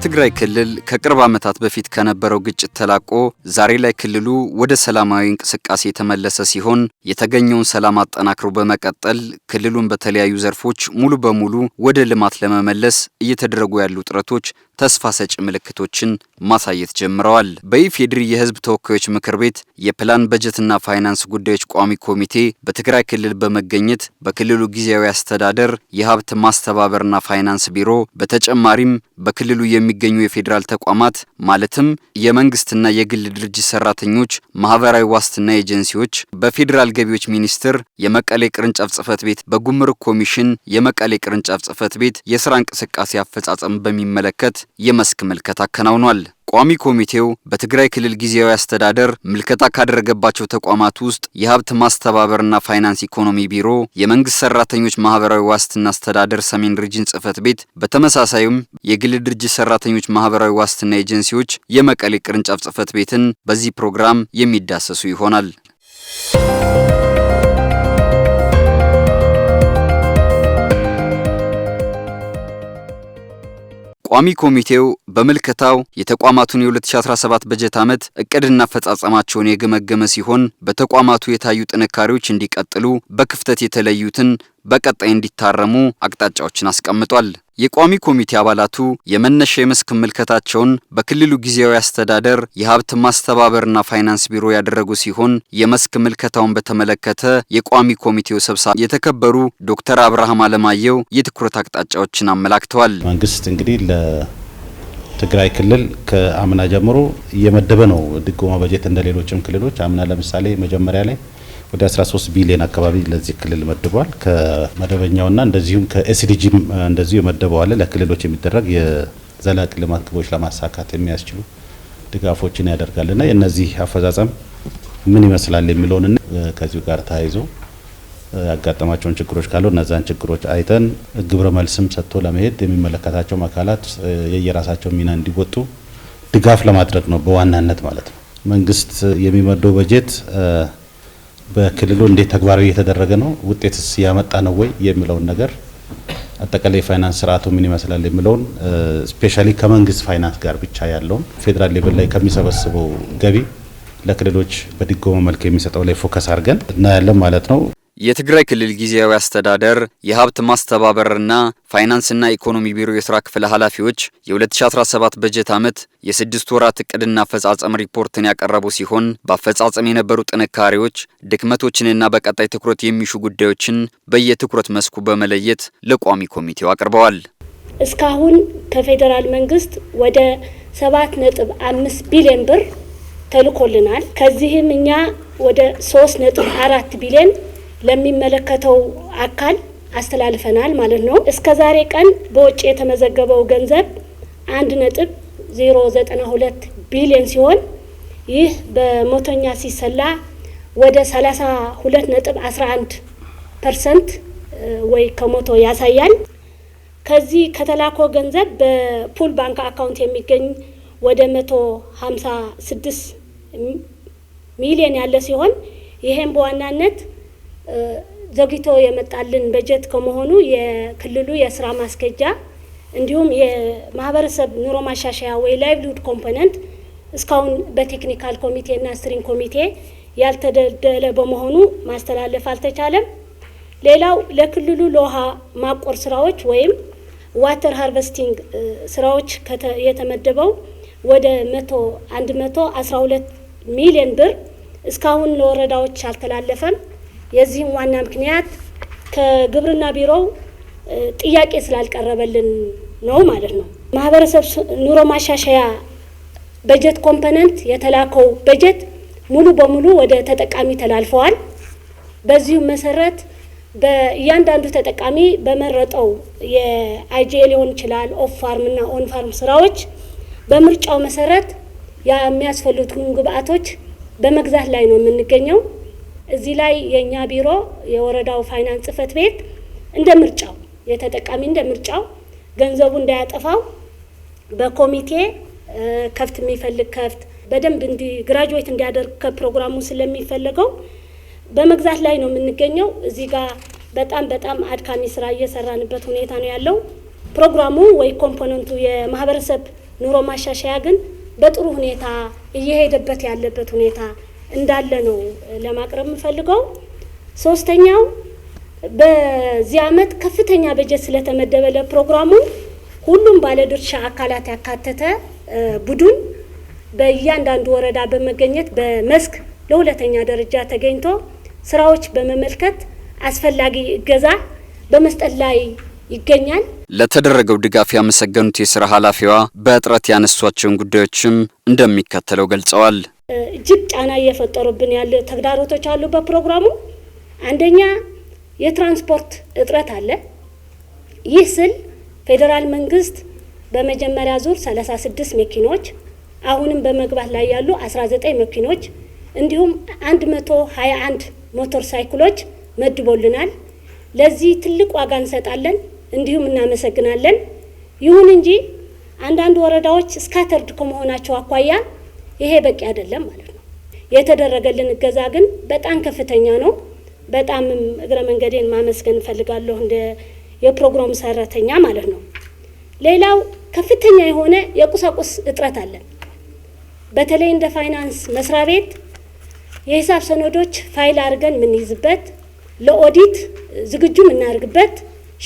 የትግራይ ክልል ከቅርብ ዓመታት በፊት ከነበረው ግጭት ተላቆ ዛሬ ላይ ክልሉ ወደ ሰላማዊ እንቅስቃሴ የተመለሰ ሲሆን የተገኘውን ሰላም አጠናክሮ በመቀጠል ክልሉን በተለያዩ ዘርፎች ሙሉ በሙሉ ወደ ልማት ለመመለስ እየተደረጉ ያሉ ጥረቶች ተስፋ ሰጪ ምልክቶችን ማሳየት ጀምረዋል። በኢፌዴሪ የህዝብ ተወካዮች ምክር ቤት የፕላን በጀትና ፋይናንስ ጉዳዮች ቋሚ ኮሚቴ በትግራይ ክልል በመገኘት በክልሉ ጊዜያዊ አስተዳደር የሀብት ማስተባበርና ፋይናንስ ቢሮ በተጨማሪም በክልሉ የሚገኙ የፌዴራል ተቋማት ማለትም የመንግስትና የግል ድርጅት ሰራተኞች ማህበራዊ ዋስትና ኤጀንሲዎች በፌዴራል ገቢዎች ሚኒስቴር የመቀሌ ቅርንጫፍ ጽህፈት ቤት በጉምሩክ ኮሚሽን የመቀሌ ቅርንጫፍ ጽህፈት ቤት የስራ እንቅስቃሴ አፈጻጸም በሚመለከት የመስክ ምልከታ አከናውኗል። ቋሚ ኮሚቴው በትግራይ ክልል ጊዜያዊ አስተዳደር ምልከታ ካደረገባቸው ተቋማት ውስጥ የሀብት ማስተባበርና ፋይናንስ ኢኮኖሚ ቢሮ፣ የመንግስት ሰራተኞች ማህበራዊ ዋስትና አስተዳደር ሰሜን ሪጅን ጽህፈት ቤት፣ በተመሳሳይም የግል ድርጅት ሰራተኞች ማህበራዊ ዋስትና ኤጀንሲዎች የመቀሌ ቅርንጫፍ ጽህፈት ቤትን በዚህ ፕሮግራም የሚዳሰሱ ይሆናል። ቋሚ ኮሚቴው በምልከታው የተቋማቱን የ2017 በጀት ዓመት እቅድና አፈጻጸማቸውን የገመገመ ሲሆን በተቋማቱ የታዩ ጥንካሬዎች እንዲቀጥሉ በክፍተት የተለዩትን በቀጣይ እንዲታረሙ አቅጣጫዎችን አስቀምጧል። የቋሚ ኮሚቴ አባላቱ የመነሻ የመስክ ምልከታቸውን በክልሉ ጊዜያዊ አስተዳደር የሀብት ማስተባበርና ፋይናንስ ቢሮ ያደረጉ ሲሆን የመስክ ምልከታውን በተመለከተ የቋሚ ኮሚቴው ሰብሳቢ የተከበሩ ዶክተር አብርሃም አለማየሁ የትኩረት አቅጣጫዎችን አመላክተዋል። መንግስት እንግዲህ ለትግራይ ክልል ከአምና ጀምሮ እየመደበ ነው ድጎማ በጀት እንደሌሎችም ክልሎች አምና ለምሳሌ መጀመሪያ ላይ ወደ 13 ቢሊዮን አካባቢ ለዚህ ክልል መድቧል። ከመደበኛውና እንደዚሁም ከኤስዲጂም እንደዚሁ የመደበዋለ ለክልሎች የሚደረግ የዘላቂ ልማት ግቦች ለማሳካት የሚያስችሉ ድጋፎችን ያደርጋልና የእነዚህ አፈጻጸም ምን ይመስላል የሚለውንና ከዚሁ ጋር ተያይዞ ያጋጠማቸውን ችግሮች ካሉ እነዛን ችግሮች አይተን ግብረ መልስም ሰጥቶ ለመሄድ የሚመለከታቸውም አካላት የየራሳቸው ሚና እንዲወጡ ድጋፍ ለማድረግ ነው በዋናነት ማለት ነው። መንግስት የሚመደው በጀት በክልሉ እንዴት ተግባራዊ እየተደረገ ነው፣ ውጤትስ እያመጣ ነው ወይ የሚለውን ነገር አጠቃላይ የፋይናንስ ስርዓቱ ምን ይመስላል የሚለውን ስፔሻሊ ከመንግስት ፋይናንስ ጋር ብቻ ያለውን ፌዴራል ሌቭል ላይ ከሚሰበስበው ገቢ ለክልሎች በድጎማ መልክ የሚሰጠው ላይ ፎከስ አድርገን እናያለን ማለት ነው። የትግራይ ክልል ጊዜያዊ አስተዳደር የሀብት ማስተባበርና ፋይናንስና ኢኮኖሚ ቢሮ የስራ ክፍል ኃላፊዎች የ2017 በጀት ዓመት የስድስት ወራት እቅድና አፈጻጸም ሪፖርትን ያቀረቡ ሲሆን በአፈጻጸም የነበሩ ጥንካሬዎች፣ ድክመቶችንና በቀጣይ ትኩረት የሚሹ ጉዳዮችን በየትኩረት መስኩ በመለየት ለቋሚ ኮሚቴው አቅርበዋል። እስካሁን ከፌዴራል መንግስት ወደ አምስት ቢሊዮን ብር ተልኮልናል። ከዚህም እኛ ወደ አራት ቢሊዮን ለሚመለከተው አካል አስተላልፈናል ማለት ነው። እስከ ዛሬ ቀን በውጭ የተመዘገበው ገንዘብ አንድ ነጥብ ዜሮ ዘጠና ሁለት ቢሊዮን ሲሆን ይህ በመቶኛ ሲሰላ ወደ ሰላሳ ሁለት ነጥብ አስራ አንድ ፐርሰንት ወይ ከሞቶ ያሳያል። ከዚህ ከተላኮ ገንዘብ በፑል ባንክ አካውንት የሚገኝ ወደ መቶ ሀምሳ ስድስት ሚሊዮን ያለ ሲሆን ይሄም በዋናነት ዘግይቶ የመጣልን በጀት ከመሆኑ የክልሉ የስራ ማስኬጃ እንዲሁም የማህበረሰብ ኑሮ ማሻሻያ ወይ ላይቭሊሁድ ኮምፖነንት እስካሁን በቴክኒካል ኮሚቴና ስትሪንግ ኮሚቴ ያልተደለደለ በመሆኑ ማስተላለፍ አልተቻለም። ሌላው ለክልሉ ለውሃ ማቆር ስራዎች ወይም ዋተር ሃርቨስቲንግ ስራዎች የተመደበው ወደ መቶ አንድ መቶ አስራ ሁለት ሚሊዮን ብር እስካሁን ለወረዳዎች አልተላለፈም። የዚህም ዋና ምክንያት ከግብርና ቢሮው ጥያቄ ስላልቀረበልን ነው ማለት ነው። ማህበረሰብ ኑሮ ማሻሻያ በጀት ኮምፖነንት የተላከው በጀት ሙሉ በሙሉ ወደ ተጠቃሚ ተላልፈዋል። በዚሁም መሰረት በእያንዳንዱ ተጠቃሚ በመረጠው የአይጄ ሊሆን ይችላል ኦፍ ፋርም እና ኦን ፋርም ስራዎች በምርጫው መሰረት የሚያስፈልጉትን ግብአቶች በመግዛት ላይ ነው የምንገኘው። እዚህ ላይ የእኛ ቢሮ የወረዳው ፋይናንስ ጽህፈት ቤት እንደ ምርጫው የተጠቃሚ እንደ ምርጫው ገንዘቡ እንዳያጠፋው በኮሚቴ ከፍት የሚፈልግ ከፍት በደንብ እንዲ ግራጁዌት እንዲያደርግ ከፕሮግራሙ ስለሚፈለገው በመግዛት ላይ ነው የምንገኘው። እዚህ ጋር በጣም በጣም አድካሚ ስራ እየሰራንበት ሁኔታ ነው ያለው። ፕሮግራሙ ወይ ኮምፖነንቱ የማህበረሰብ ኑሮ ማሻሻያ ግን በጥሩ ሁኔታ እየሄደበት ያለበት ሁኔታ እንዳለ ነው ለማቅረብ የምፈልገው። ሶስተኛው በዚህ አመት ከፍተኛ በጀት ስለተመደበ ለፕሮግራሙ ሁሉም ባለድርሻ አካላት ያካተተ ቡድን በእያንዳንዱ ወረዳ በመገኘት በመስክ ለሁለተኛ ደረጃ ተገኝቶ ስራዎች በመመልከት አስፈላጊ እገዛ በመስጠት ላይ ይገኛል። ለተደረገው ድጋፍ ያመሰገኑት የስራ ኃላፊዋ በእጥረት ያነሷቸውን ጉዳዮችም እንደሚከተለው ገልጸዋል። እጅግ ጫና እየፈጠሩብን ያለ ተግዳሮቶች አሉ። በፕሮግራሙ አንደኛ የትራንስፖርት እጥረት አለ። ይህ ስል ፌዴራል መንግስት በመጀመሪያ ዙር 36 መኪኖች፣ አሁንም በመግባት ላይ ያሉ 19 መኪኖች እንዲሁም 121 ሞተር ሳይክሎች መድቦልናል። ለዚህ ትልቅ ዋጋ እንሰጣለን፣ እንዲሁም እናመሰግናለን። ይሁን እንጂ አንዳንድ ወረዳዎች ስካተርድ ከመሆናቸው አኳያ ይሄ በቂ አይደለም ማለት ነው። የተደረገልን እገዛ ግን በጣም ከፍተኛ ነው። በጣም እግረ መንገዴን ማመስገን እንፈልጋለሁ እንደ የፕሮግራም ሰራተኛ ማለት ነው። ሌላው ከፍተኛ የሆነ የቁሳቁስ እጥረት አለ። በተለይ እንደ ፋይናንስ መስሪያ ቤት የሂሳብ ሰነዶች ፋይል አድርገን የምንይዝበት ለኦዲት ዝግጁ የምናደርግበት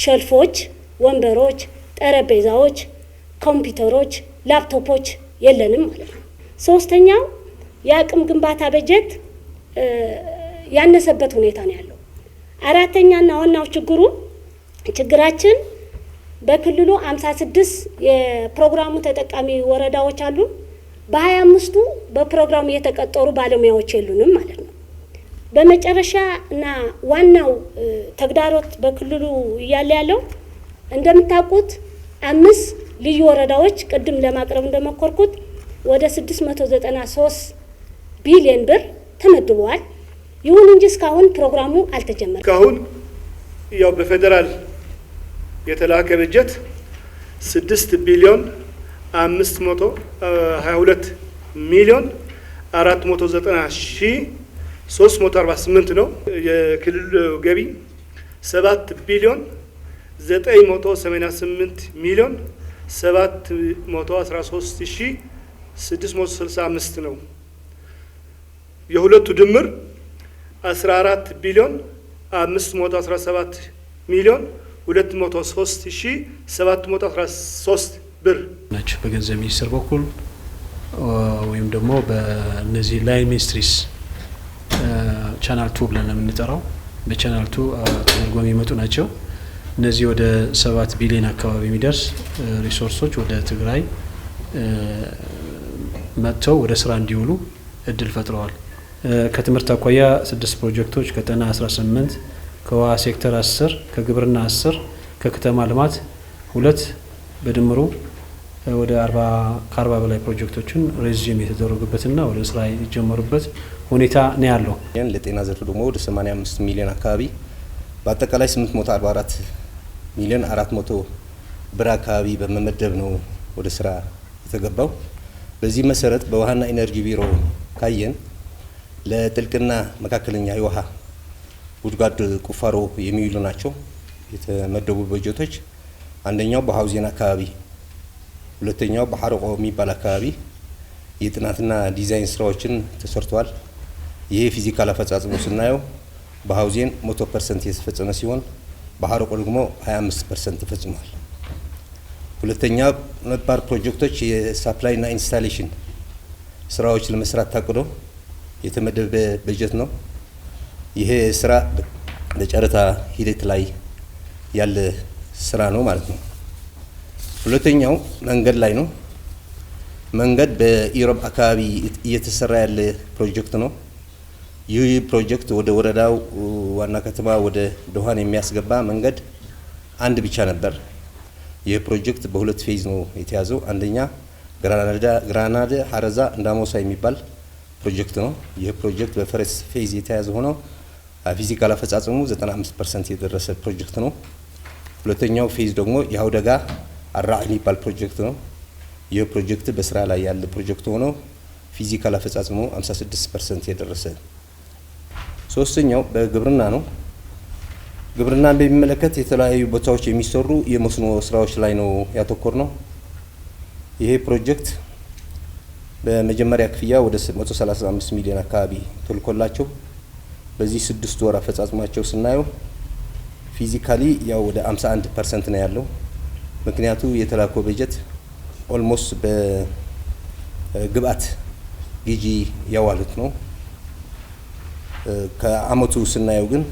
ሸልፎች፣ ወንበሮች፣ ጠረጴዛዎች፣ ኮምፒውተሮች፣ ላፕቶፖች የለንም ማለት ነው። ሶስተኛው የአቅም ግንባታ በጀት ያነሰበት ሁኔታ ነው ያለው። አራተኛና ዋናው ችግሩ ችግራችን በክልሉ አምሳ ስድስት የፕሮግራሙ ተጠቃሚ ወረዳዎች አሉ። በሀያ አምስቱ በፕሮግራሙ የተቀጠሩ ባለሙያዎች የሉንም ማለት ነው። በመጨረሻ እና ዋናው ተግዳሮት በክልሉ እያለ ያለው እንደምታውቁት አምስት ልዩ ወረዳዎች ቅድም ለማቅረብ እንደሞከርኩት ወደ 693 ቢሊዮን ብር ተመድበዋል። ይሁን እንጂ እስካሁን ፕሮግራሙ አልተጀመረም። እስካሁን ያው በፌዴራል የተላከ በጀት 6 ቢሊዮን 522 ሚሊዮን 490 ሺህ 348 ነው። የክልሉ ገቢ 7 ቢሊዮን 988 ሚሊዮን 713 ሺህ 665 ነው። የሁለቱ ድምር 14 ቢሊዮን 517 ሚሊዮን 203713 ብር ናቸው። በገንዘብ ሚኒስቴር በኩል ወይም ደግሞ በነዚህ ላይን ሚኒስትሪስ ቻናል ቱ ብለን የምንጠራው። በቻናል ቱ ተደርጎ የሚመጡ ናቸው። እነዚህ ወደ ሰባት ቢሊዮን አካባቢ የሚደርስ ሪሶርሶች ወደ ትግራይ መጥተው ወደ ስራ እንዲውሉ እድል ፈጥረዋል። ከትምህርት አኳያ ስድስት ፕሮጀክቶች፣ ከጤና 18፣ ከውሃ ሴክተር 10፣ ከግብርና 10፣ ከከተማ ልማት ሁለት በድምሩ ወደ ከአርባ በላይ ፕሮጀክቶችን ሬዚም የተደረጉበትና ወደ ስራ የጀመሩበት ሁኔታ ነው ያለው። ለጤና ዘርፍ ደግሞ ወደ 85 ሚሊዮን አካባቢ በአጠቃላይ 844 ሚሊዮን 400 ብር አካባቢ በመመደብ ነው ወደ ስራ የተገባው። በዚህ መሰረት በውሃና ኢነርጂ ቢሮ ካየን ለጥልቅና መካከለኛ የውሃ ጉድጓድ ቁፋሮ የሚውሉ ናቸው የተመደቡ በጀቶች። አንደኛው በሀውዜን አካባቢ፣ ሁለተኛው በሐረቆ የሚባል አካባቢ የጥናትና ዲዛይን ስራዎችን ተሰርተዋል። ይሄ ፊዚካል አፈጻጽሞ ስናየው በሀውዜን መቶ ፐርሰንት የተፈጸመ ሲሆን በሐረቆ ደግሞ 25 ፐርሰንት ተፈጽሟል። ሁለተኛ ነባር ፕሮጀክቶች የሳፕላይና ኢንስታሌሽን ስራዎች ለመስራት ታቅዶ የተመደበ በጀት ነው። ይሄ ስራ በጨረታ ሂደት ላይ ያለ ስራ ነው ማለት ነው። ሁለተኛው መንገድ ላይ ነው። መንገድ በኢሮብ አካባቢ እየተሰራ ያለ ፕሮጀክት ነው። ይህ ፕሮጀክት ወደ ወረዳው ዋና ከተማ ወደ ደሃን የሚያስገባ መንገድ አንድ ብቻ ነበር። ይህ ፕሮጀክት በሁለት ፌዝ ነው የተያዘው። አንደኛ ግራናዳ ሀረዛ እንዳሞሳ የሚባል ፕሮጀክት ነው። ይህ ፕሮጀክት በፈረስ ፌዝ የተያዘ ሆኖ ፊዚካል አፈጻጸሙ 95 ፐርሰንት የደረሰ ፕሮጀክት ነው። ሁለተኛው ፌዝ ደግሞ የአውደጋ አራ የሚባል ፕሮጀክት ነው። ይህ ፕሮጀክት በስራ ላይ ያለ ፕሮጀክት ሆኖ ፊዚካል አፈጻጸሙ 56 ፐርሰንት የደረሰ ሶስተኛው በግብርና ነው። ግብርናን በሚመለከት የተለያዩ ቦታዎች የሚሰሩ የመስኖ ስራዎች ላይ ነው ያተኮር ነው። ይሄ ፕሮጀክት በመጀመሪያ ክፍያ ወደ 135 ሚሊዮን አካባቢ ተልኮላቸው በዚህ ስድስት ወር አፈጻጽማቸው ስናየው ፊዚካሊ ያው ወደ 51 ፐርሰንት ነው ያለው። ምክንያቱ የተላኮ በጀት ኦልሞስት በግብአት ግዢ ያዋሉት ነው። ከአመቱ ስናየው ግን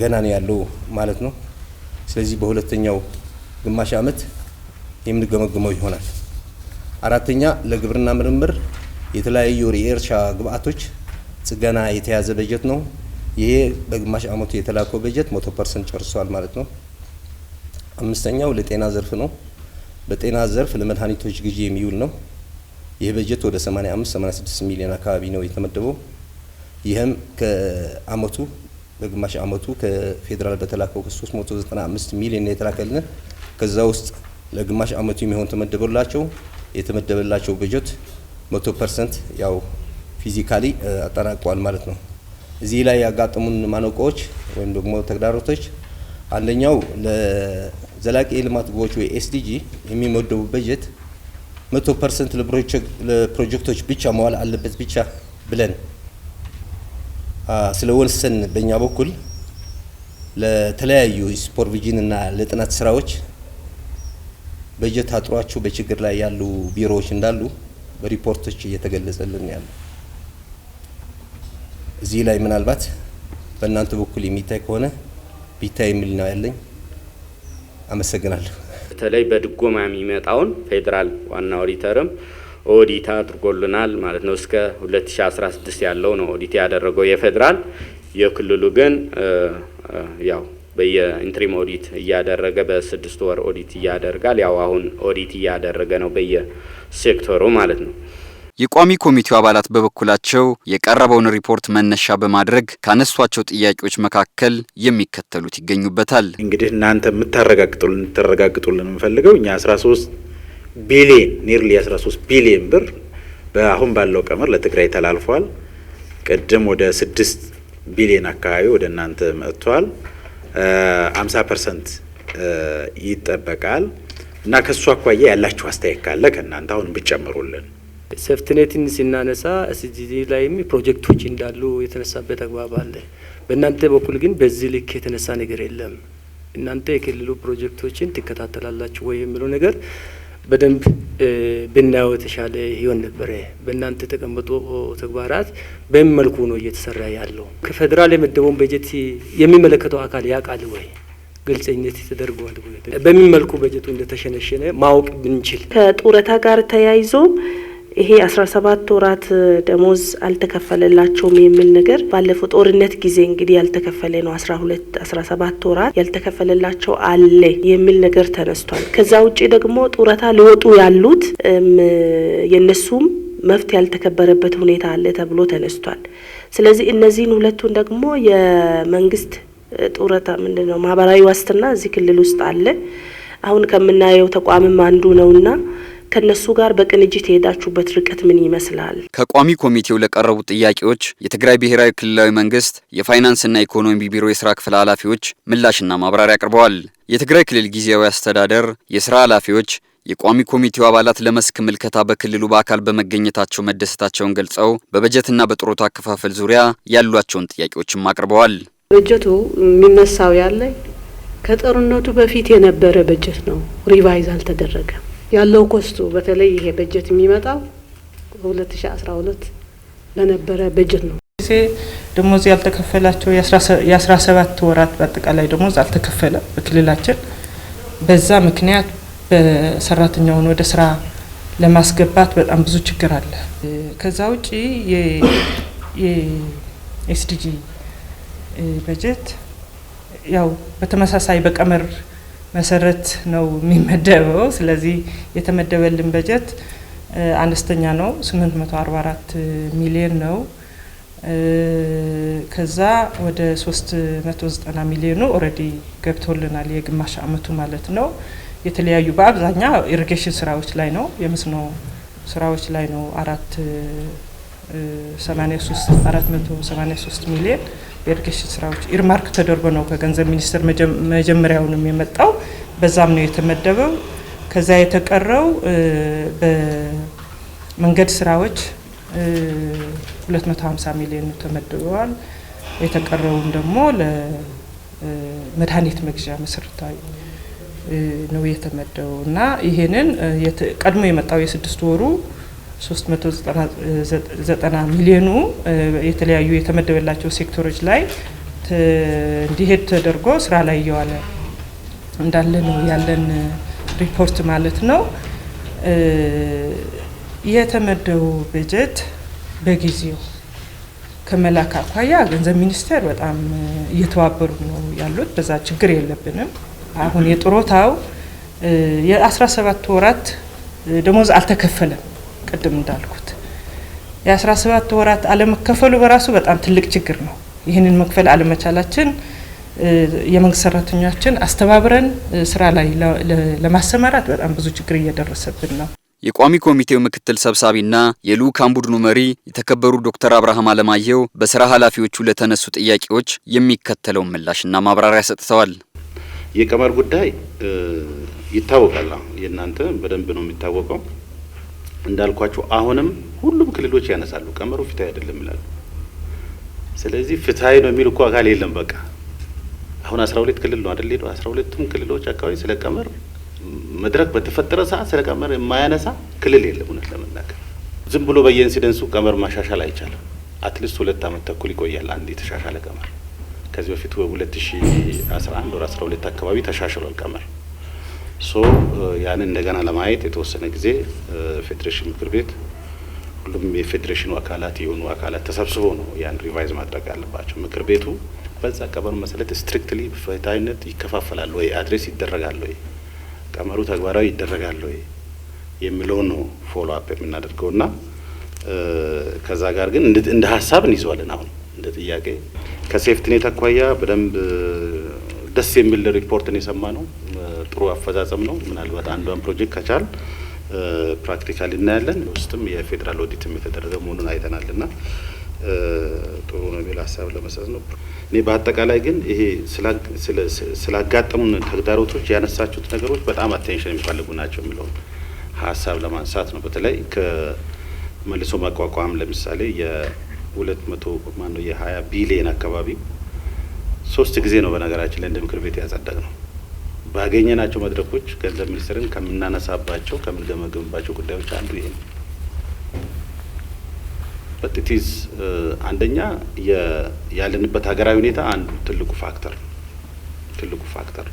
ገና ነው ያለው ማለት ነው። ስለዚህ በሁለተኛው ግማሽ ዓመት የምንገመግመው ይሆናል። አራተኛ ለግብርና ምርምር የተለያዩ የእርሻ ግብአቶች ጽገና የተያዘ በጀት ነው። ይሄ በግማሽ ዓመቱ የተላከው በጀት መቶ ፐርሰንት ጨርሷል ማለት ነው። አምስተኛው ለጤና ዘርፍ ነው። በጤና ዘርፍ ለመድኃኒቶች ግዢ የሚውል ነው። ይህ በጀት ወደ 85 86 ሚሊዮን አካባቢ ነው የተመደበው። ይህም ከአመቱ በግማሽ አመቱ ከፌዴራል በተላከው 395 ሚሊዮን የተላከልን ከዛ ውስጥ ለግማሽ አመቱ የሚሆን ተመደበላቸው። የተመደበላቸው በጀት 100 ፐርሰንት ያው ፊዚካሊ አጠናቀዋል ማለት ነው። እዚህ ላይ ያጋጠሙን ማነቆዎች ወይም ደግሞ ተግዳሮቶች አንደኛው ለዘላቂ የልማት ግቦች ወይ ኤስዲጂ የሚመደቡ በጀት 100 ፐርሰንት ለፕሮጀክቶች ብቻ መዋል አለበት ብቻ ብለን ስለ ወልሰን በእኛ በኩል ለተለያዩ ሱፐርቪዥን ለጥናት ስራዎች በጀት አጥሯቸው በችግር ላይ ያሉ ቢሮዎች እንዳሉ በሪፖርቶች እየተገለጸልን ያሉ። እዚህ ላይ ምናልባት በእናንተ በኩል የሚታይ ከሆነ ቢታይ የሚል ነው ያለኝ። አመሰግናለሁ። በተለይ በድጎማ የሚመጣውን ፌዴራል ዋና ኦዲተርም ኦዲት አድርጎልናል ማለት ነው። እስከ 2016 ያለው ነው ኦዲት ያደረገው የፌዴራል የክልሉ ግን ያው በየኢንትሪም ኦዲት እያደረገ በስድስት ወር ኦዲት እያደርጋል። ያው አሁን ኦዲት እያደረገ ነው በየሴክተሩ ማለት ነው። የቋሚ ኮሚቴው አባላት በበኩላቸው የቀረበውን ሪፖርት መነሻ በማድረግ ካነሷቸው ጥያቄዎች መካከል የሚከተሉት ይገኙበታል። እንግዲህ እናንተ የምታረጋግጡልን እንድታረጋግጡልን የምፈልገው እኛ አስራ ሶስት ቢሊየን ኒርሊ 13 ቢሊየን ብር በአሁን ባለው ቀመር ለትግራይ ተላልፏል። ቅድም ወደ ስድስት ቢሊየን አካባቢ ወደ እናንተ መጥቷል። 50 ፐርሰንት ይጠበቃል እና ከእሱ አኳያ ያላችሁ አስተያየት ካለ ከእናንተ አሁን ብጨምሩልን። ሴፍትኔትን ስናነሳ ኤስጂጂ ላይም ፕሮጀክቶች እንዳሉ የተነሳበት አግባብ አለ። በእናንተ በኩል ግን በዚህ ልክ የተነሳ ነገር የለም። እናንተ የክልሉ ፕሮጀክቶችን ትከታተላላችሁ ወይ የሚለው ነገር በደንብ ብናየው የተሻለ ይሆን ነበረ። በእናንተ ተቀምጦ ተግባራት በምን መልኩ ነው እየተሰራ ያለው? ከፌዴራል የመደበውን በጀት የሚመለከተው አካል ያውቃል ወይ? ግልጸኝነት ተደርጓል ወይ? በምን መልኩ በጀቱ እንደተሸነሸነ ማወቅ ብንችል ከጡረታ ጋር ተያይዞ ይሄ አስራ ሰባት ወራት ደሞዝ አልተከፈለላቸውም የሚል ነገር ባለፈው ጦርነት ጊዜ እንግዲህ ያልተከፈለ ነው አስራ ሁለት አስራ ሰባት ወራት ያልተከፈለላቸው አለ የሚል ነገር ተነስቷል። ከዛ ውጭ ደግሞ ጡረታ ሊወጡ ያሉት የነሱም መፍት ያልተከበረበት ሁኔታ አለ ተብሎ ተነስቷል። ስለዚህ እነዚህን ሁለቱን ደግሞ የመንግስት ጡረታ ምንድን ነው ማህበራዊ ዋስትና እዚህ ክልል ውስጥ አለ አሁን ከምናየው ተቋምም አንዱ ነውና ከእነሱ ጋር በቅንጅት የሄዳችሁበት ርቀት ምን ይመስላል? ከቋሚ ኮሚቴው ለቀረቡ ጥያቄዎች የትግራይ ብሔራዊ ክልላዊ መንግስት የፋይናንስና ኢኮኖሚ ቢሮ የስራ ክፍል ኃላፊዎች ምላሽና ማብራሪያ አቅርበዋል። የትግራይ ክልል ጊዜያዊ አስተዳደር የስራ ኃላፊዎች የቋሚ ኮሚቴው አባላት ለመስክ ምልከታ በክልሉ በአካል በመገኘታቸው መደሰታቸውን ገልጸው በበጀትና በጡረታ አከፋፈል ዙሪያ ያሏቸውን ጥያቄዎችም አቅርበዋል። በጀቱ የሚነሳው ያለ ከጦርነቱ በፊት የነበረ በጀት ነው። ሪቫይዝ አልተደረገም። ያለው ኮስቱ በተለይ ይሄ በጀት የሚመጣው 2012 ሺ አስራ ሁለት ለነበረ በጀት ነው። ጊዜ ደሞዝ ያልተከፈላቸው የአስራ ሰባት ወራት በአጠቃላይ ደሞዝ አልተከፈለ በክልላችን። በዛ ምክንያት በሰራተኛውን ወደ ስራ ለማስገባት በጣም ብዙ ችግር አለ። ከዛ ውጪ የኤስዲጂ በጀት ያው በተመሳሳይ በቀመር መሰረት ነው የሚመደበው። ስለዚህ የተመደበልን በጀት አነስተኛ ነው፣ 844 ሚሊዮን ነው። ከዛ ወደ 390 ሚሊዮኑ ኦልሬዲ ገብቶልናል፣ የግማሽ አመቱ ማለት ነው። የተለያዩ በአብዛኛው ኢሪጌሽን ስራዎች ላይ ነው፣ የመስኖ ስራዎች ላይ ነው አራት 83 483 ሚሊዮን የእድገሽት ስራዎች ኢርማርክ ተደርጎ ነው ከገንዘብ ሚኒስቴር መጀመሪያውንም የመጣው በዛም ነው የተመደበው። ከዛ የተቀረው በመንገድ ስራዎች 250 ሚሊዮን ተመድበዋል። የተቀረውም ደግሞ ለመድኃኒት መግዣ መሰረታዊ ነው የተመደበው እና ይሄንን ቀድሞ የመጣው የስድስት ወሩ 390 ሚሊዮኑ የተለያዩ የተመደበላቸው ሴክተሮች ላይ እንዲሄድ ተደርጎ ስራ ላይ እየዋለ እንዳለ ነው ያለን ሪፖርት ማለት ነው። የተመደቡ በጀት በጊዜው ከመላክ አኳያ ገንዘብ ሚኒስቴር በጣም እየተባበሩ ነው ያሉት። በዛ ችግር የለብንም። አሁን የጥሮታው የ17 ወራት ደሞዝ አልተከፈለም። ቅድም እንዳልኩት የአስራ ሰባት ወራት አለመከፈሉ በራሱ በጣም ትልቅ ችግር ነው። ይህንን መክፈል አለመቻላችን የመንግስት ሰራተኞችን አስተባብረን ስራ ላይ ለማሰማራት በጣም ብዙ ችግር እየደረሰብን ነው። የቋሚ ኮሚቴው ምክትል ሰብሳቢና የልዑካን ቡድኑ መሪ የተከበሩ ዶክተር አብርሃም አለማየሁ በስራ ኃላፊዎቹ ለተነሱ ጥያቄዎች የሚከተለውን ምላሽና ማብራሪያ ሰጥተዋል። የቀመር ጉዳይ ይታወቃል። የእናንተ በደንብ ነው የሚታወቀው። እንዳልኳቸው አሁንም ሁሉም ክልሎች ያነሳሉ፣ ቀመሩ ፍትሀዊ አይደለም ይላሉ። ስለዚህ ፍትሀዊ ነው የሚል እኮ አካል የለም። በቃ አሁን አስራ ሁለት ክልል ነው አደል አስራ ሁለቱም ክልሎች አካባቢ ስለ ቀመር መድረክ በተፈጠረ ሰዓት ስለ ቀመር የማያነሳ ክልል የለም። እውነት ለመናገር ዝም ብሎ በየኢንሲደንሱ ቀመር ማሻሻል አይቻልም። አትሊስት ሁለት አመት ተኩል ይቆያል አንድ የተሻሻለ ቀመር። ከዚህ በፊት በሁለት ሺ አስራ አንድ ወር አስራ ሁለት አካባቢ ተሻሽሏል ቀመር ሶ ያንን እንደገና ለማየት የተወሰነ ጊዜ ፌዴሬሽን ምክር ቤት ሁሉም የፌዴሬሽኑ አካላት የሆኑ አካላት ተሰብስቦ ነው ያን ሪቫይዝ ማድረግ ያለባቸው። ምክር ቤቱ በዛ ቀመሩ መሰረት ስትሪክትሊ በፍትሃዊነት ይከፋፈላል ወይ አድሬስ ይደረጋል ወይ ቀመሩ ተግባራዊ ይደረጋል ወይ የሚለው ነው ፎሎ አፕ የምናደርገው እና ከዛ ጋር ግን እንደ ሀሳብ እንይዘዋለን። አሁን እንደ ጥያቄ ከሴፍትኔት አኳያ በደንብ ደስ የሚል ሪፖርትን የሰማ ነው። ጥሩ አፈጻጸም ነው። ምናልባት አንዷን ፕሮጀክት ከቻል ፕራክቲካሊ እናያለን። ውስጥም የፌዴራል ኦዲትም የተደረገ መሆኑን አይተናል ና ጥሩ ነው የሚል ሀሳብ ለመስጠት ነው። እኔ በአጠቃላይ ግን ይሄ ስላጋጠሙን ተግዳሮቶች ያነሳችሁት ነገሮች በጣም አቴንሽን የሚፈልጉ ናቸው የሚለውን ሀሳብ ለማንሳት ነው። በተለይ ከመልሶ ማቋቋም ለምሳሌ የሁለት መቶ ማነው የሀያ ቢሊየን አካባቢ ሶስት ጊዜ ነው በነገራችን ላይ እንደ ምክር ቤት ያጸደቅ ነው ባገኘናቸው መድረኮች ገንዘብ ሚኒስትርን ከምናነሳባቸው ከምንገመገምባቸው ጉዳዮች አንዱ ይሄ ነው። uh, አንደኛ ያለንበት ሀገራዊ ሁኔታ አንዱ ትልቁ ፋክተር ትልቁ ፋክተር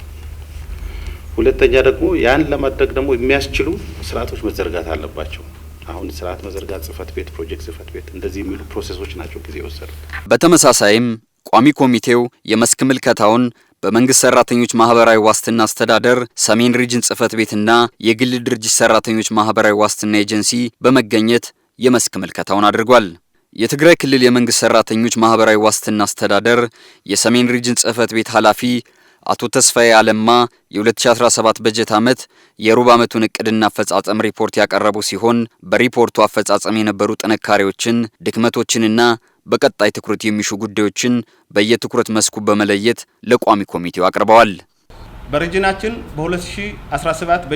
ሁለተኛ ደግሞ ያን ለማድረግ ደግሞ የሚያስችሉ ስርዓቶች መዘርጋት አለባቸው። አሁን ስርዓት መዘርጋት፣ ጽህፈት ቤት፣ ፕሮጀክት ጽህፈት ቤት እንደዚህ የሚሉ ፕሮሴሶች ናቸው ጊዜ የወሰዱት። በተመሳሳይም ቋሚ ኮሚቴው የመስክ ምልከታውን በመንግስት ሰራተኞች ማህበራዊ ዋስትና አስተዳደር ሰሜን ሪጅን ጽህፈት ቤትና የግል ድርጅት ሰራተኞች ማህበራዊ ዋስትና ኤጀንሲ በመገኘት የመስክ ምልከታውን አድርጓል። የትግራይ ክልል የመንግስት ሰራተኞች ማህበራዊ ዋስትና አስተዳደር የሰሜን ሪጅን ጽህፈት ቤት ኃላፊ አቶ ተስፋዬ አለማ የ2017 በጀት ዓመት የሩብ ዓመቱን እቅድና አፈጻጸም ሪፖርት ያቀረቡ ሲሆን በሪፖርቱ አፈጻጸም የነበሩ ጥንካሬዎችን፣ ድክመቶችንና በቀጣይ ትኩረት የሚሹ ጉዳዮችን በየትኩረት መስኩ በመለየት ለቋሚ ኮሚቴው አቅርበዋል። በሬጅናችን በ2017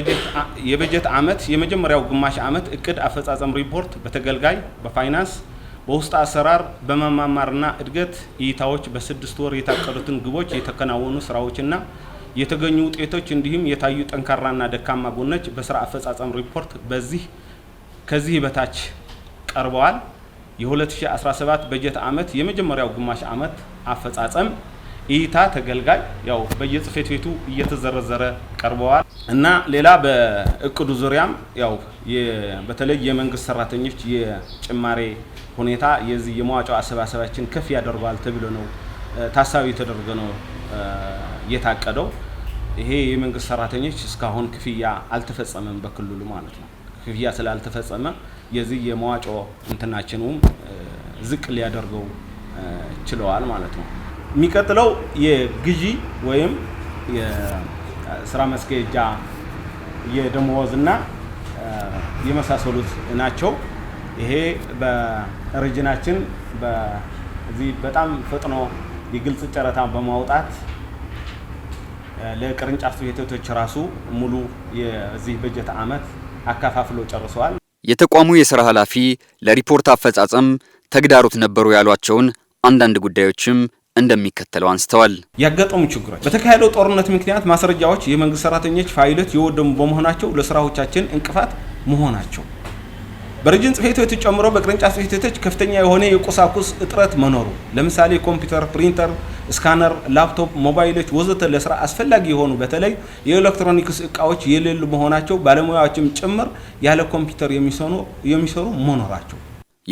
የበጀት ዓመት የመጀመሪያው ግማሽ ዓመት እቅድ አፈጻጸም ሪፖርት በተገልጋይ፣ በፋይናንስ፣ በውስጥ አሰራር፣ በመማማርና እድገት እይታዎች በስድስት ወር የታቀዱትን ግቦች፣ የተከናወኑ ስራዎችና የተገኙ ውጤቶች እንዲሁም የታዩ ጠንካራና ደካማ ጎኖች በስራ አፈጻጸም ሪፖርት በዚህ ከዚህ በታች ቀርበዋል። የ2017 በጀት ዓመት የመጀመሪያው ግማሽ ዓመት አፈጻጸም እይታ ተገልጋይ ያው በየጽህፈት ቤቱ እየተዘረዘረ ቀርበዋል እና ሌላ በእቅዱ ዙሪያም ያው በተለይ የመንግስት ሰራተኞች የጭማሬ ሁኔታ የዚህ የመዋጮ አሰባሰባችን ከፍ ያደርገዋል ተብሎ ነው ታሳቢ ተደርገ ነው የታቀደው። ይሄ የመንግስት ሰራተኞች እስካሁን ክፍያ አልተፈጸመም፣ በክልሉ ማለት ነው። ክፍያ ስላልተፈጸመ የዚህ የመዋጮ እንትናችንም ዝቅ ሊያደርገው ችለዋል ማለት ነው። የሚቀጥለው የግዢ ወይም የስራ መስኬጃ የደመወዝና የመሳሰሉት ናቸው። ይሄ በሪጅናችን በዚህ በጣም ፈጥኖ የግልጽ ጨረታ በማውጣት ለቅርንጫፍ ጽሕፈት ቤቶች ራሱ ሙሉ የዚህ በጀት ዓመት አከፋፍሎ ጨርሰዋል። የተቋሙ የሥራ ኃላፊ ለሪፖርት አፈጻጸም ተግዳሮት ነበሩ ያሏቸውን አንዳንድ ጉዳዮችም እንደሚከተለው አንስተዋል። ያጋጠሙ ችግሮች በተካሄደው ጦርነት ምክንያት ማስረጃዎች የመንግስት ሰራተኞች ፋይሎች የወደሙ በመሆናቸው ለስራዎቻችን እንቅፋት መሆናቸው በርጅን ጽሕፈት ቤቶች ጨምሮ በቅርንጫፍ ጽሕፈት ቤቶች ከፍተኛ የሆነ የቁሳቁስ እጥረት መኖሩ፣ ለምሳሌ ኮምፒውተር፣ ፕሪንተር፣ ስካነር፣ ላፕቶፕ፣ ሞባይሎች ወዘተ ለስራ አስፈላጊ የሆኑ በተለይ የኤሌክትሮኒክስ እቃዎች የሌሉ መሆናቸው ባለሙያዎችም ጭምር ያለ ኮምፒውተር የሚሰሩ መኖራቸው።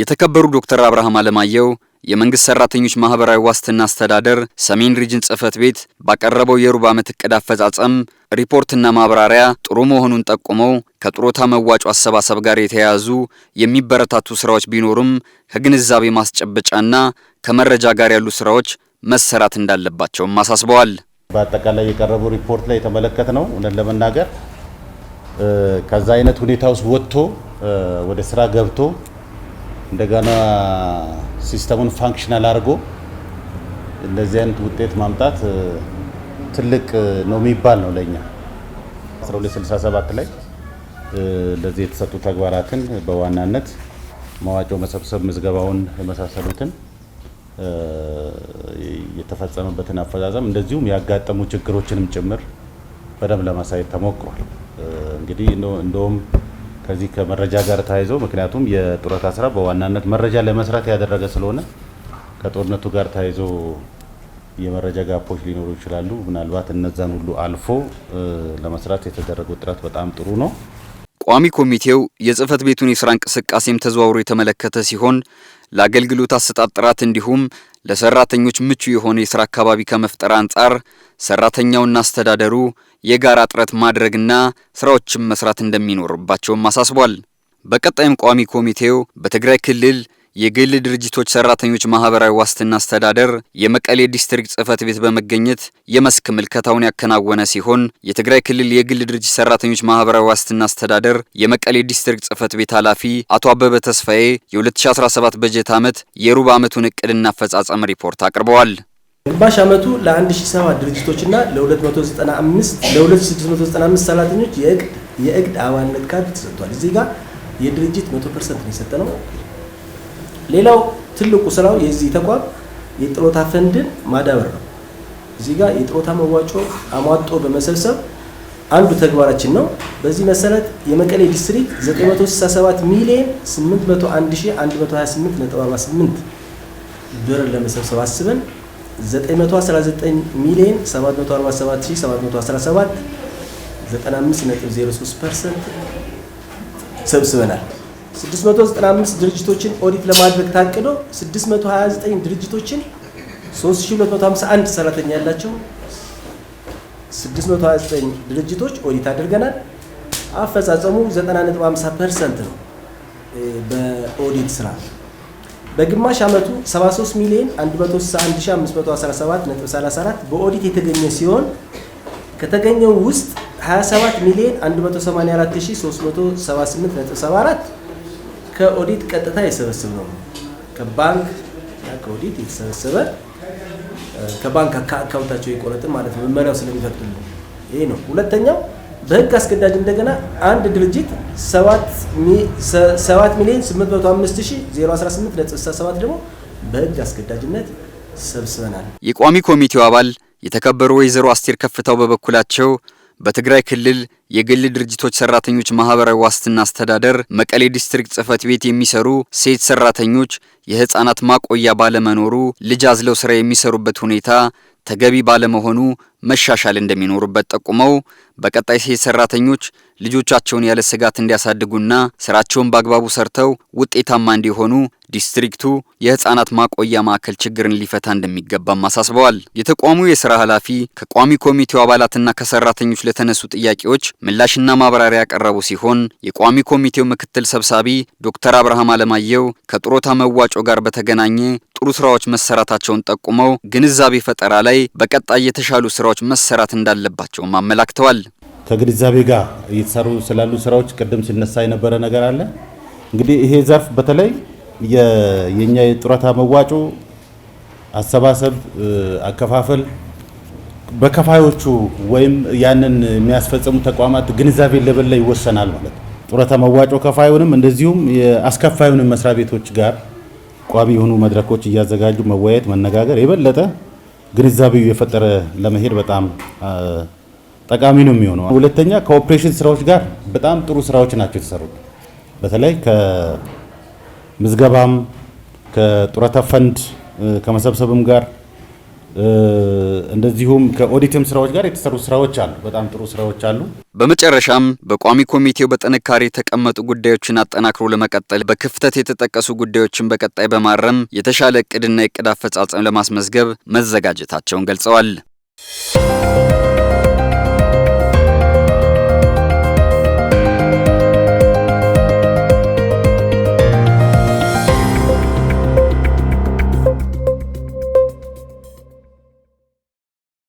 የተከበሩ ዶክተር አብርሃም አለማየሁ የመንግስት ሰራተኞች ማህበራዊ ዋስትና አስተዳደር ሰሜን ሪጅን ጽህፈት ቤት ባቀረበው የሩብ ዓመት እቅድ አፈጻጸም ሪፖርትና ማብራሪያ ጥሩ መሆኑን ጠቁመው ከጥሮታ መዋጮ አሰባሰብ ጋር የተያያዙ የሚበረታቱ ስራዎች ቢኖሩም ከግንዛቤ ማስጨበጫና ከመረጃ ጋር ያሉ ስራዎች መሰራት እንዳለባቸውም አሳስበዋል። በአጠቃላይ የቀረቡ ሪፖርት ላይ የተመለከት ነው እውነት ለመናገር ከዛ አይነት ሁኔታ ውስጥ ወጥቶ ወደ ስራ ገብቶ እንደገና ሲስተሙን ፋንክሽናል አድርጎ እንደዚህ አይነት ውጤት ማምጣት ትልቅ ነው የሚባል ነው ለእኛ 1267 ላይ ለዚህ የተሰጡ ተግባራትን በዋናነት መዋጮ መሰብሰብ፣ ምዝገባውን የመሳሰሉትን የተፈጸመበትን አፈጻጸም እንደዚሁም ያጋጠሙ ችግሮችንም ጭምር በደንብ ለማሳየት ተሞክሯል። እንግዲህ እንደውም ከዚህ ከመረጃ ጋር ተያይዘው ምክንያቱም የጡረታ ስራ በዋናነት መረጃ ለመስራት ያደረገ ስለሆነ ከጦርነቱ ጋር ተያይዞ የመረጃ ጋፖች ሊኖሩ ይችላሉ። ምናልባት እነዛን ሁሉ አልፎ ለመስራት የተደረገው ጥረት በጣም ጥሩ ነው። ቋሚ ኮሚቴው የጽህፈት ቤቱን የስራ እንቅስቃሴም ተዘዋውሮ የተመለከተ ሲሆን ለአገልግሎት አሰጣጥ ጥራት እንዲሁም ለሰራተኞች ምቹ የሆነ የስራ አካባቢ ከመፍጠር አንጻር ሰራተኛውና አስተዳደሩ የጋራ ጥረት ማድረግና ስራዎችን መስራት እንደሚኖርባቸውም አሳስቧል። በቀጣይም ቋሚ ኮሚቴው በትግራይ ክልል የግል ድርጅቶች ሰራተኞች ማህበራዊ ዋስትና አስተዳደር የመቀሌ ዲስትሪክት ጽህፈት ቤት በመገኘት የመስክ ምልከታውን ያከናወነ ሲሆን የትግራይ ክልል የግል ድርጅት ሰራተኞች ማህበራዊ ዋስትና አስተዳደር የመቀሌ ዲስትሪክት ጽህፈት ቤት ኃላፊ አቶ አበበ ተስፋዬ የ2017 በጀት ዓመት የሩብ ዓመቱን እቅድና አፈጻጸም ሪፖርት አቅርበዋል። ግማሽ ዓመቱ ለ1070 ድርጅቶችና ለ295 ለ2695 ሰራተኞች የእቅድ የእቅድ አባልነት ካርድ ተሰጥቷል። እዚህ ጋር የድርጅት 100% ነው የሰጠ ነው። ሌላው ትልቁ ስራው የዚህ ተቋም የጥሮታ ፈንድን ማዳበር ነው። እዚህ ጋር የጥሮታ መዋጮ አሟጦ በመሰብሰብ አንዱ ተግባራችን ነው። በዚህ መሰረት የመቀሌ ዲስትሪክት 967 ሚሊዮን 811128.48 ብር ለመሰብሰብ አስበን 919 ሚሊዮን 747717 95.03 ፐርሰንት ሰብስበናል። 695 ድርጅቶችን ኦዲት ለማድረግ ታቅዶ 629 ድርጅቶችን 3251 ሰራተኛ ያላቸው 629 ድርጅቶች ኦዲት አድርገናል። አፈጻጸሙ 90.50 ፐርሰንት ነው። በኦዲት ስራ በግማሽ ዓመቱ 73 ሚሊዮን 161517.34 በኦዲት የተገኘ ሲሆን ከተገኘው ውስጥ 27 ሚሊዮን 184378.74 ከኦዲት ቀጥታ የሰበሰብ ነው ከባንክ ከኦዲት የተሰበሰበ ከባንክ አካውንታቸው የቆረጥን ማለት ነው። መመሪያው ስለሚፈቅድ ይሄ ነው። ሁለተኛው በህግ አስገዳጅ እንደገና አንድ ድርጅት 7 ሚሊዮን 805,018.67 ደግሞ በህግ አስገዳጅነት ሰብስበናል። የቋሚ ኮሚቴው አባል የተከበሩ ወይዘሮ አስቴር ከፍታው በበኩላቸው በትግራይ ክልል የግል ድርጅቶች ሰራተኞች ማህበራዊ ዋስትና አስተዳደር መቀሌ ዲስትሪክት ጽህፈት ቤት የሚሰሩ ሴት ሰራተኞች የህፃናት ማቆያ ባለመኖሩ ልጅ አዝለው ስራ የሚሰሩበት ሁኔታ ተገቢ ባለመሆኑ መሻሻል እንደሚኖሩበት ጠቁመው በቀጣይ ሴት ሰራተኞች ልጆቻቸውን ያለ ስጋት እንዲያሳድጉና ስራቸውን በአግባቡ ሰርተው ውጤታማ እንዲሆኑ ዲስትሪክቱ የህፃናት ማቆያ ማዕከል ችግርን ሊፈታ እንደሚገባም አሳስበዋል። የተቋሙ የስራ ኃላፊ ከቋሚ ኮሚቴው አባላትና ከሰራተኞች ለተነሱ ጥያቄዎች ምላሽና ማብራሪያ ያቀረቡ ሲሆን የቋሚ ኮሚቴው ምክትል ሰብሳቢ ዶክተር አብርሃም አለማየሁ ከጥሮታ መዋጮ ጋር በተገናኘ ጥሩ ስራዎች መሰራታቸውን ጠቁመው ግንዛቤ ፈጠራ ላይ በቀጣይ የተሻሉ ስራዎች መሰራት እንዳለባቸውም አመላክተዋል። ከግንዛቤ ጋር እየተሰሩ ስላሉ ስራዎች ቅድም ሲነሳ የነበረ ነገር አለ። እንግዲህ ይሄ ዘርፍ በተለይ የኛ የጡረታ መዋጮ አሰባሰብ፣ አከፋፈል በከፋዮቹ ወይም ያንን የሚያስፈጽሙ ተቋማት ግንዛቤ ለበል ላይ ይወሰናል ማለት ነው። ጡረታ መዋጮ ከፋዩንም እንደዚሁም የአስከፋዩንም መስሪያ ቤቶች ጋር ቋሚ የሆኑ መድረኮች እያዘጋጁ መወያየት፣ መነጋገር የበለጠ ግንዛቤው የፈጠረ ለመሄድ በጣም ጠቃሚ ነው የሚሆነው። ሁለተኛ ከኦፕሬሽን ስራዎች ጋር በጣም ጥሩ ስራዎች ናቸው የተሰሩት በተለይ ምዝገባም ከጡረታ ፈንድ ከመሰብሰብም ጋር እንደዚሁም ከኦዲትም ስራዎች ጋር የተሰሩ ስራዎች አሉ። በጣም ጥሩ ስራዎች አሉ። በመጨረሻም በቋሚ ኮሚቴው በጥንካሬ የተቀመጡ ጉዳዮችን አጠናክሮ ለመቀጠል በክፍተት የተጠቀሱ ጉዳዮችን በቀጣይ በማረም የተሻለ እቅድና የእቅድ አፈጻጸም ለማስመዝገብ መዘጋጀታቸውን ገልጸዋል።